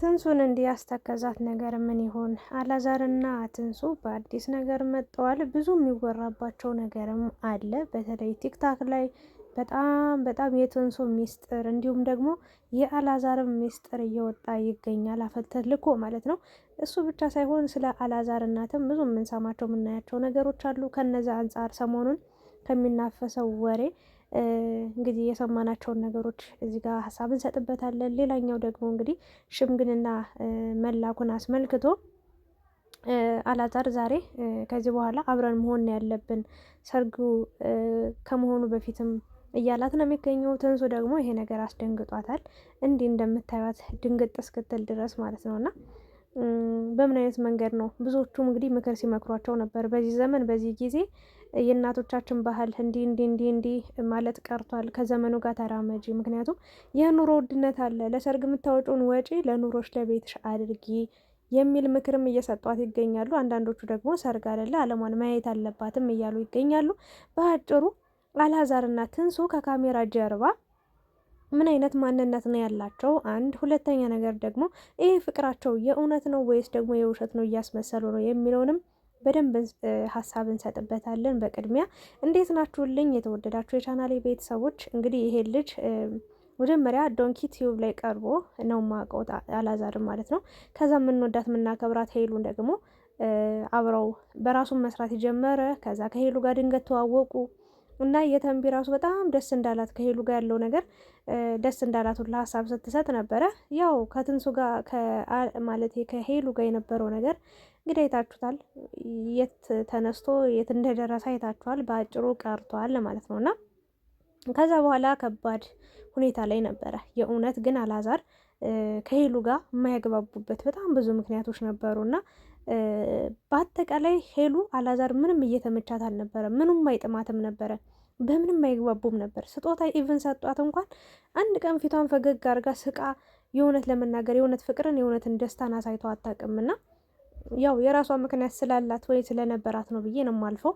ትንሱን እንዲህ ያስተከዛት ነገር ምን ይሆን? አላዛርና ትንሱ በአዲስ ነገር መጥተዋል። ብዙ የሚወራባቸው ነገርም አለ። በተለይ ቲክታክ ላይ በጣም በጣም የትንሱ ሚስጥር እንዲሁም ደግሞ የአላዛርም ሚስጥር እየወጣ ይገኛል። አፈተት ልኮ ማለት ነው። እሱ ብቻ ሳይሆን ስለ አላዛር እናትም ብዙ የምንሰማቸው የምናያቸው ነገሮች አሉ። ከነዚ አንጻር ሰሞኑን ከሚናፈሰው ወሬ እንግዲህ የሰማናቸውን ነገሮች እዚህ ጋር ሀሳብ እንሰጥበታለን። ሌላኛው ደግሞ እንግዲህ ሽምግልና መላኩን አስመልክቶ አላዛር ዛሬ ከዚህ በኋላ አብረን መሆን ያለብን ሰርጉ ከመሆኑ በፊትም እያላት ነው የሚገኘው። ትንሱ ደግሞ ይሄ ነገር አስደንግጧታል። እንዲህ እንደምታዩት ድንግጥ እስክትል ድረስ ማለት ነው እና በምን አይነት መንገድ ነው ብዙዎቹም እንግዲህ ምክር ሲመክሯቸው ነበር በዚህ ዘመን በዚህ ጊዜ የእናቶቻችን ባህል እንዲህ እንዲህ እንዲህ እንዲህ ማለት ቀርቷል፣ ከዘመኑ ጋር ተራመጂ። ምክንያቱም የኑሮ ውድነት አለ፣ ለሰርግ የምታወጪውን ወጪ ለኑሮች ለቤትሽ አድርጊ የሚል ምክርም እየሰጧት ይገኛሉ። አንዳንዶቹ ደግሞ ሰርግ አለ አለሟን ማየት አለባትም እያሉ ይገኛሉ። በአጭሩ አልዓዛርና ትንሱ ከካሜራ ጀርባ ምን አይነት ማንነት ነው ያላቸው? አንድ ሁለተኛ ነገር ደግሞ ይህ ፍቅራቸው የእውነት ነው ወይስ ደግሞ የውሸት ነው እያስመሰሉ ነው የሚለውንም በደንብ ሀሳብ እንሰጥበታለን። በቅድሚያ እንዴት ናችሁልኝ የተወደዳችሁ የቻናሌ ቤተሰቦች? እንግዲህ ይሄ ልጅ መጀመሪያ ዶንኪ ቲዩብ ላይ ቀርቦ ነው ማቀው አላዛርም ማለት ነው። ከዛ የምንወዳት የምናከብራት ሄሉን ደግሞ አብረው በራሱን መስራት የጀመረ ከዛ ከሄሉ ጋር ድንገት ተዋወቁ እና የተንቢ ራሱ በጣም ደስ እንዳላት ከሄሉ ጋር ያለው ነገር ደስ እንዳላት ሁላ ሀሳብ ስትሰጥ ነበረ። ያው ከትንሱ ጋር ማለት ከሄሉ ጋር የነበረው ነገር እንግዲህ አይታችሁታል። የት ተነስቶ የት እንደደረሰ አይታችኋል። በአጭሩ ቀርቷል ማለት ነው እና ከዛ በኋላ ከባድ ሁኔታ ላይ ነበረ። የእውነት ግን አላዛር ከሄሉ ጋር የማያግባቡበት በጣም ብዙ ምክንያቶች ነበሩ እና በአጠቃላይ ሄሉ አላዛር ምንም እየተመቻት አልነበረ፣ ምንም አይጥማትም ነበረ፣ በምንም አይግባቡም ነበር። ስጦታ ኢቭን ሰጧት እንኳን አንድ ቀን ፊቷን ፈገግ አርጋ ስቃ የእውነት ለመናገር የእውነት ፍቅርን የእውነትን ደስታን አሳይቶ አታውቅምና ያው የራሷ ምክንያት ስላላት ወይ ስለነበራት ነው ብዬ ነው የማልፈው።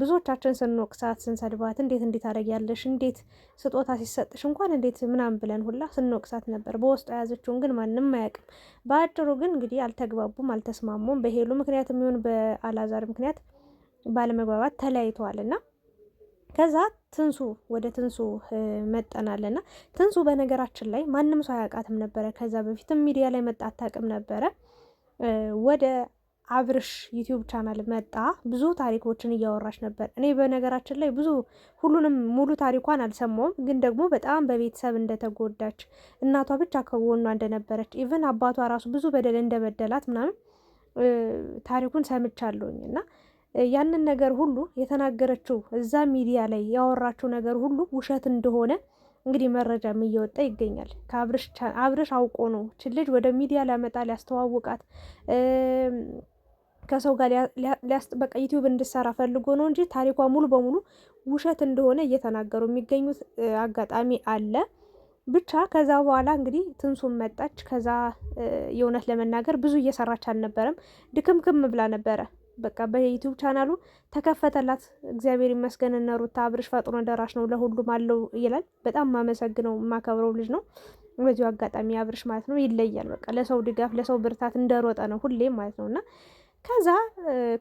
ብዙዎቻችን ስንወቅሳት፣ ስንሰድባት እንዴት እንዴት አደርጊያለሽ እንዴት ስጦታ ሲሰጥሽ እንኳን እንዴት ምናምን ብለን ሁላ ስንወቅሳት ነበር። በውስጡ የያዘችውን ግን ማንም አያውቅም። በአጭሩ ግን እንግዲህ አልተግባቡም፣ አልተስማሙም። በሄሉ ምክንያት የሚሆን በአላዛር ምክንያት ባለመግባባት ተለያይተዋል እና ከዛ ትንሱ ወደ ትንሱ መጠናልና ትንሱ በነገራችን ላይ ማንም ሰው አያውቃትም ነበረ። ከዛ በፊትም ሚዲያ ላይ መጣ አታውቅም ነበረ ወደ አብርሽ ዩቲዩብ ቻናል መጣ ብዙ ታሪኮችን እያወራች ነበር። እኔ በነገራችን ላይ ብዙ ሁሉንም ሙሉ ታሪኳን አልሰማውም፣ ግን ደግሞ በጣም በቤተሰብ እንደተጎዳች እናቷ ብቻ ከጎኗ እንደነበረች ኢቨን አባቷ ራሱ ብዙ በደል እንደበደላት ምናምን ታሪኩን ሰምቻለሁኝ እና ያንን ነገር ሁሉ የተናገረችው እዛ ሚዲያ ላይ ያወራችው ነገር ሁሉ ውሸት እንደሆነ እንግዲህ መረጃም እየወጣ ይገኛል። ከአብርሽ አብርሽ አውቆ ነው ች ልጅ ወደ ሚዲያ ሊያመጣ ሊያስተዋውቃት ከሰው ጋር ሊያስጥበቃ ዩቲዩብ እንድሰራ ፈልጎ ነው እንጂ ታሪኳ ሙሉ በሙሉ ውሸት እንደሆነ እየተናገሩ የሚገኙት አጋጣሚ አለ። ብቻ ከዛ በኋላ እንግዲህ ትንሱን መጣች። ከዛ የእውነት ለመናገር ብዙ እየሰራች አልነበረም፣ ድክምክም ብላ ነበረ። በቃ በዩቲዩብ ቻናሉ ተከፈተላት። እግዚአብሔር ይመስገን። እነ ሩታ አብርሽ ፈጥኖ ደራሽ ነው፣ ለሁሉም አለው ይላል። በጣም ማመሰግነው የማከብረው ልጅ ነው። በዚሁ አጋጣሚ አብርሽ ማለት ነው ይለያል። በቃ ለሰው ድጋፍ፣ ለሰው ብርታት እንደሮጠ ነው ሁሌም ማለት ነው እና ከዛ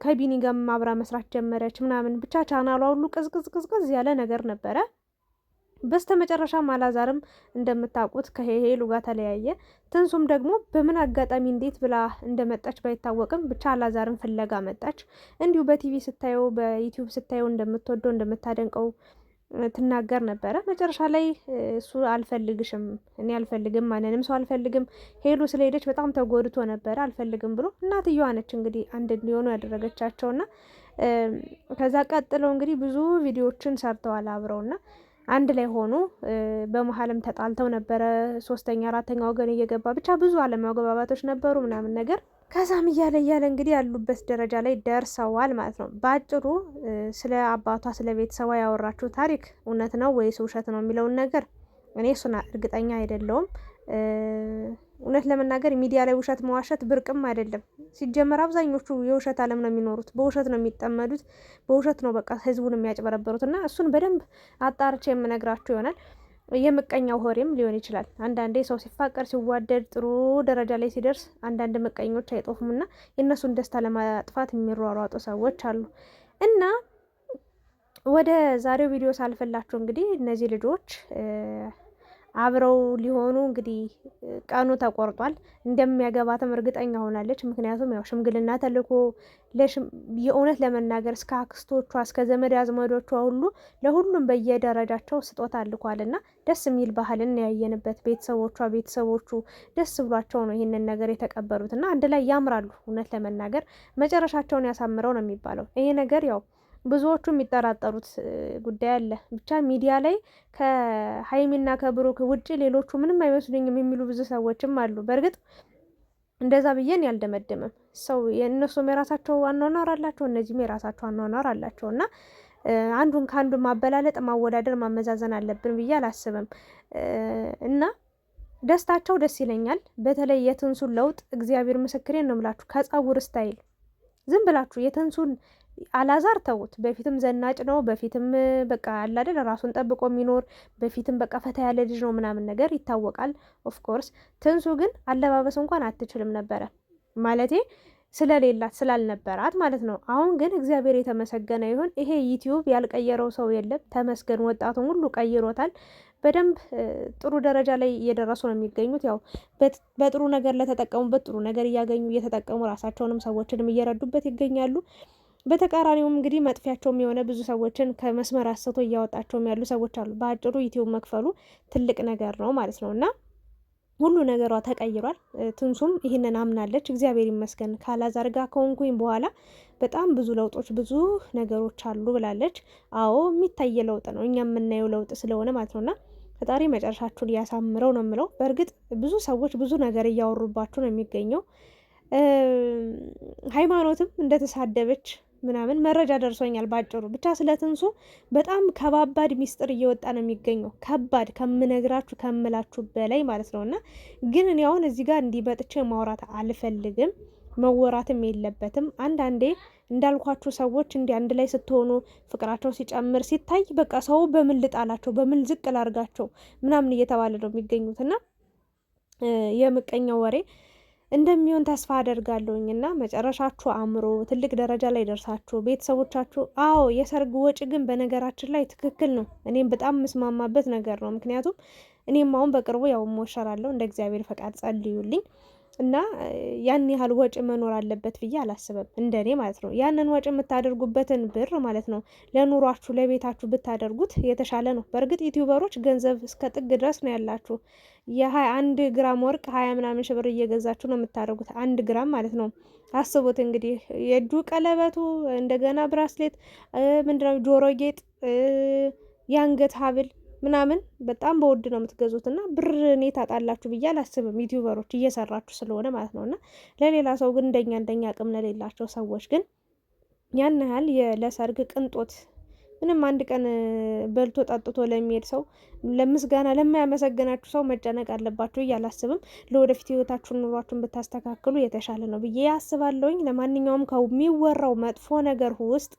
ከቢኒ ጋር አብራ መስራት ጀመረች ምናምን ብቻ ቻናሏ ሁሉ ቅዝቅዝ ቅዝቅዝ ያለ ነገር ነበረ። በስተ መጨረሻም አላዛርም እንደምታውቁት ከሄሄሉ ጋር ተለያየ። ትንሱም ደግሞ በምን አጋጣሚ እንዴት ብላ እንደመጣች ባይታወቅም ብቻ አላዛርን ፍለጋ መጣች። እንዲሁ በቲቪ ስታየው በዩቲዩብ ስታየው እንደምትወደው እንደምታደንቀው ትናገር ነበረ። መጨረሻ ላይ እሱ አልፈልግሽም፣ እኔ አልፈልግም፣ ማንንም ሰው አልፈልግም፣ ሄሉ ስለሄደች በጣም ተጎድቶ ነበረ አልፈልግም ብሎ እናትየዋ ነች እንግዲህ አንድ እንዲሆኑ ያደረገቻቸውና ከዛ ቀጥለው እንግዲህ ብዙ ቪዲዮዎችን ሰርተዋል አብረውና አንድ ላይ ሆኑ። በመሀልም ተጣልተው ነበረ። ሶስተኛ አራተኛ ወገን እየገባ ብቻ ብዙ አለመግባባቶች ነበሩ ምናምን ነገር ከዛም እያለ እያለ እንግዲህ ያሉበት ደረጃ ላይ ደርሰዋል ማለት ነው። በአጭሩ ስለ አባቷ ስለ ቤተሰቧ ያወራችው ታሪክ እውነት ነው ወይስ ውሸት ነው የሚለውን ነገር እኔ እሱን እርግጠኛ አይደለውም። እውነት ለመናገር ሚዲያ ላይ ውሸት መዋሸት ብርቅም አይደለም። ሲጀመር አብዛኞቹ የውሸት ዓለም ነው የሚኖሩት፣ በውሸት ነው የሚጠመዱት፣ በውሸት ነው በቃ ህዝቡን የሚያጭበረበሩት እና እሱን በደንብ አጣርቼ የምነግራችሁ ይሆናል። የምቀኛው ሆሬም ሊሆን ይችላል። አንዳንዴ ሰው ሲፋቀር ሲዋደድ ጥሩ ደረጃ ላይ ሲደርስ አንዳንድ ምቀኞች አይጦፉም እና የእነሱን ደስታ ለማጥፋት የሚሯሯጡ ሰዎች አሉ እና ወደ ዛሬው ቪዲዮ ሳልፈላችሁ እንግዲህ እነዚህ ልጆች አብረው ሊሆኑ እንግዲህ ቀኑ ተቆርጧል። እንደሚያገባትም እርግጠኛ ሆናለች። ምክንያቱም ያው ሽምግልና ተልኮ የእውነት ለመናገር እስከ አክስቶቿ እስከ ዘመድ አዝመዶቿ ሁሉ ለሁሉም በየደረጃቸው ስጦታ ልኳልና ደስ የሚል ባህልን ያየንበት ቤተሰቦቿ ቤተሰቦቹ ደስ ብሏቸው ነው ይህንን ነገር የተቀበሉት እና አንድ ላይ ያምራሉ። እውነት ለመናገር መጨረሻቸውን ያሳምረው ነው የሚባለው ይሄ ነገር ያው ብዙዎቹ የሚጠራጠሩት ጉዳይ አለ። ብቻ ሚዲያ ላይ ከሀይሚና ከብሩክ ውጭ ሌሎቹ ምንም አይመስሉኝም የሚሉ ብዙ ሰዎችም አሉ። በእርግጥ እንደዛ ብዬን ያልደመደመም ሰው የእነሱም የራሳቸው አኗኗር አላቸው፣ እነዚህም የራሳቸው አኗኗር አላቸው እና አንዱን ከአንዱ ማበላለጥ፣ ማወዳደር፣ ማመዛዘን አለብን ብዬ አላስብም እና ደስታቸው ደስ ይለኛል። በተለይ የትንሱን ለውጥ እግዚአብሔር ምስክሬን ነው የምላችሁ ከጸጉር ስታይል ዝም ብላችሁ የትንሱን አላዛር ተውት። በፊትም ዘናጭ ነው፣ በፊትም በቃ አላደል ራሱን ጠብቆ የሚኖር በፊትም በቃ ፈታ ያለ ልጅ ነው ምናምን ነገር ይታወቃል። ኦፍኮርስ ትንሱ ግን አለባበስ እንኳን አትችልም ነበረ ማለቴ ስለሌላት ስላልነበራት ማለት ነው። አሁን ግን እግዚአብሔር የተመሰገነ ይሁን። ይሄ ዩቲዩብ ያልቀየረው ሰው የለም። ተመስገን ወጣቱን ሁሉ ቀይሮታል። በደንብ ጥሩ ደረጃ ላይ እየደረሱ ነው የሚገኙት። ያው በጥሩ ነገር ለተጠቀሙበት ጥሩ ነገር እያገኙ እየተጠቀሙ ራሳቸውንም ሰዎችንም እየረዱበት ይገኛሉ። በተቃራኒውም እንግዲህ መጥፊያቸውም የሆነ ብዙ ሰዎችን ከመስመር አሰቶ እያወጣቸውም ያሉ ሰዎች አሉ። በአጭሩ ዩቲዩብ መክፈሉ ትልቅ ነገር ነው ማለት ነው እና ሁሉ ነገሯ ተቀይሯል። ትንሱም ይህንን አምናለች። እግዚአብሔር ይመስገን ካላዛር ጋር ከሆንኩኝ በኋላ በጣም ብዙ ለውጦች፣ ብዙ ነገሮች አሉ ብላለች። አዎ የሚታየ ለውጥ ነው እኛ የምናየው ለውጥ ስለሆነ ማለት ነውና ፈጣሪ መጨረሻችሁን እያሳምረው ነው የምለው። በእርግጥ ብዙ ሰዎች ብዙ ነገር እያወሩባችሁ ነው የሚገኘው። ሃይማኖትም እንደተሳደበች ምናምን መረጃ ደርሶኛል። ባጭሩ ብቻ ስለ ትንሱ በጣም ከባባድ ሚስጥር እየወጣ ነው የሚገኘው። ከባድ ከምነግራችሁ ከምላችሁ በላይ ማለት ነው። እና ግን እኔ አሁን እዚህ ጋር እንዲመጥቼ ማውራት አልፈልግም። መወራትም የለበትም። አንዳንዴ እንዳልኳችሁ ሰዎች እንዲ አንድ ላይ ስትሆኑ ፍቅራቸው ሲጨምር ሲታይ በቃ ሰው በምን ልጣላቸው፣ በምን ዝቅ ላርጋቸው ምናምን እየተባለ ነው የሚገኙት እና የምቀኛው ወሬ እንደሚሆን ተስፋ አደርጋለሁኝ እና መጨረሻችሁ አእምሮ ትልቅ ደረጃ ላይ ደርሳችሁ ቤተሰቦቻችሁ። አዎ የሰርግ ወጪ ግን በነገራችን ላይ ትክክል ነው። እኔም በጣም የምስማማበት ነገር ነው። ምክንያቱም እኔም አሁን በቅርቡ ያው ሞሸራለሁ። እንደ እግዚአብሔር ፈቃድ ጸልዩልኝ። እና ያን ያህል ወጪ መኖር አለበት ብዬ አላስብም፣ እንደኔ ማለት ነው። ያንን ወጪ የምታደርጉበትን ብር ማለት ነው ለኑሯችሁ ለቤታችሁ ብታደርጉት የተሻለ ነው። በእርግጥ ዩቲዩበሮች ገንዘብ እስከ ጥግ ድረስ ነው ያላችሁ። የሀያ አንድ ግራም ወርቅ ሀያ ምናምን ሺህ ብር እየገዛችሁ ነው የምታደርጉት፣ አንድ ግራም ማለት ነው። አስቡት እንግዲህ የእጁ ቀለበቱ፣ እንደገና ብራስሌት፣ ምንድነው ጆሮ ጌጥ፣ የአንገት ሀብል ምናምን በጣም በውድ ነው የምትገዙት እና ብር እኔ ታጣላችሁ ብዬ አላስብም። ዩቲዩበሮች እየሰራችሁ ስለሆነ ማለት ነው እና ለሌላ ሰው ግን እንደኛ እንደኛ አቅም ለሌላቸው ሰዎች ግን ያን ያህል ለሰርግ ቅንጦት ምንም አንድ ቀን በልቶ ጠጥቶ ለሚሄድ ሰው ለምስጋና ለማያመሰግናችሁ ሰው መጨነቅ አለባችሁ አላስብም ለወደፊት ህይወታችሁን ኑሯችሁን ብታስተካክሉ የተሻለ ነው ብዬ አስባለሁኝ። ለማንኛውም ከሚወራው መጥፎ ነገር ውስጥ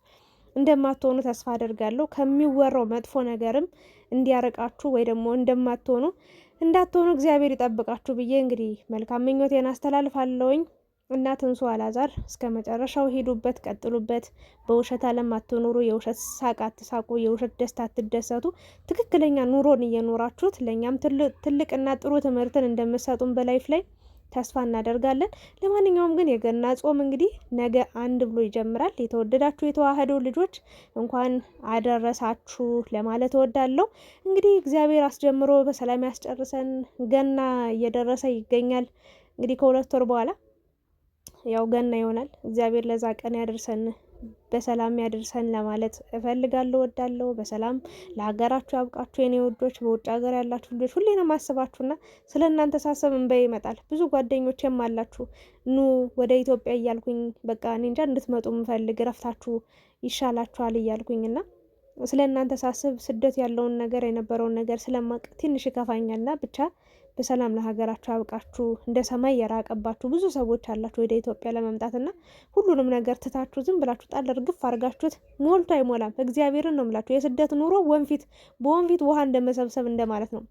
እንደማትሆኑ ተስፋ አደርጋለሁ። ከሚወራው መጥፎ ነገርም እንዲያረቃችሁ ወይ ደግሞ እንደማትሆኑ እንዳትሆኑ እግዚአብሔር ይጠብቃችሁ ብዬ እንግዲህ መልካም ምኞቴን አስተላልፋለሁኝ። እና ትንሱ አላዛር እስከ መጨረሻው ሄዱበት፣ ቀጥሉበት። በውሸት አለም አትኑሩ። የውሸት ሳቅ አትሳቁ። የውሸት ደስታ አትደሰቱ። ትክክለኛ ኑሮን እየኖራችሁት ለእኛም ትልቅና ጥሩ ትምህርትን እንደምሰጡን በላይፍ ላይ ተስፋ እናደርጋለን። ለማንኛውም ግን የገና ጾም እንግዲህ ነገ አንድ ብሎ ይጀምራል። የተወደዳችሁ የተዋህዶ ልጆች እንኳን አደረሳችሁ ለማለት እወዳለሁ። እንግዲህ እግዚአብሔር አስጀምሮ በሰላም ያስጨርሰን። ገና እየደረሰ ይገኛል። እንግዲህ ከሁለት ወር በኋላ ያው ገና ይሆናል። እግዚአብሔር ለዛ ቀን ያደርሰን። በሰላም ያደርሰን ለማለት እፈልጋለሁ ወዳለሁ። በሰላም ለሀገራችሁ ያብቃችሁ የኔ ውዶች፣ በውጭ ሀገር ያላችሁ ልጆች ሁሌ ነው ማስባችሁና ስለ እናንተ ሳሰብ እንበይ ይመጣል። ብዙ ጓደኞቼም አላችሁ ኑ ወደ ኢትዮጵያ እያልኩኝ በቃ እኔ እንጃ እንድትመጡ ምፈልግ እረፍታችሁ ይሻላችኋል እያልኩኝና ስለ እናንተ ሳስብ ስደት ያለውን ነገር የነበረውን ነገር ስለማቅ ትንሽ ይከፋኛልና ብቻ በሰላም ለሀገራችሁ አብቃችሁ እንደ ሰማይ የራቀባችሁ ብዙ ሰዎች አላችሁ ወደ ኢትዮጵያ ለመምጣትና ሁሉንም ነገር ትታችሁ ዝም ብላችሁ ጣል እርግፍ አድርጋችሁት ሞልቶ አይሞላም። እግዚአብሔርን ነው ምላችሁ። የስደት ኑሮ ወንፊት በወንፊት ውሃ እንደመሰብሰብ እንደማለት ነው።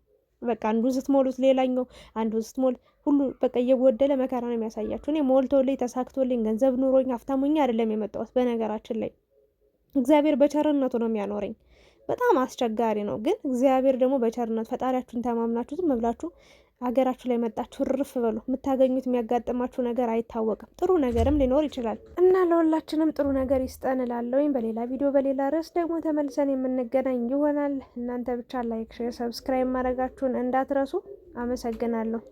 በቃ አንዱ ስትሞሉት ሌላኛው አንዱ ስትሞል ሁሉ በቃ እየጎደለ መከራ ነው የሚያሳያችሁ። እኔ ሞልቶልኝ ተሳክቶልኝ ገንዘብ ኑሮኝ ሀብታሙኛ አይደለም የመጣሁት። በነገራችን ላይ እግዚአብሔር በቸርነቱ ነው የሚያኖረኝ። በጣም አስቸጋሪ ነው። ግን እግዚአብሔር ደግሞ በቸርነት ፈጣሪያችሁን ተማምናችሁ ዝም ብላችሁ ሀገራችሁ ላይ መጣችሁ ርፍ በሉ። የምታገኙት የሚያጋጥማችሁ ነገር አይታወቅም። ጥሩ ነገርም ሊኖር ይችላል እና ለሁላችንም ጥሩ ነገር ይስጠን እላለሁ። ወይም በሌላ ቪዲዮ በሌላ ርዕስ ደግሞ ተመልሰን የምንገናኝ ይሆናል። እናንተ ብቻ ላይክ፣ ሼር፣ ሰብስክራይብ ማድረጋችሁን እንዳትረሱ። አመሰግናለሁ።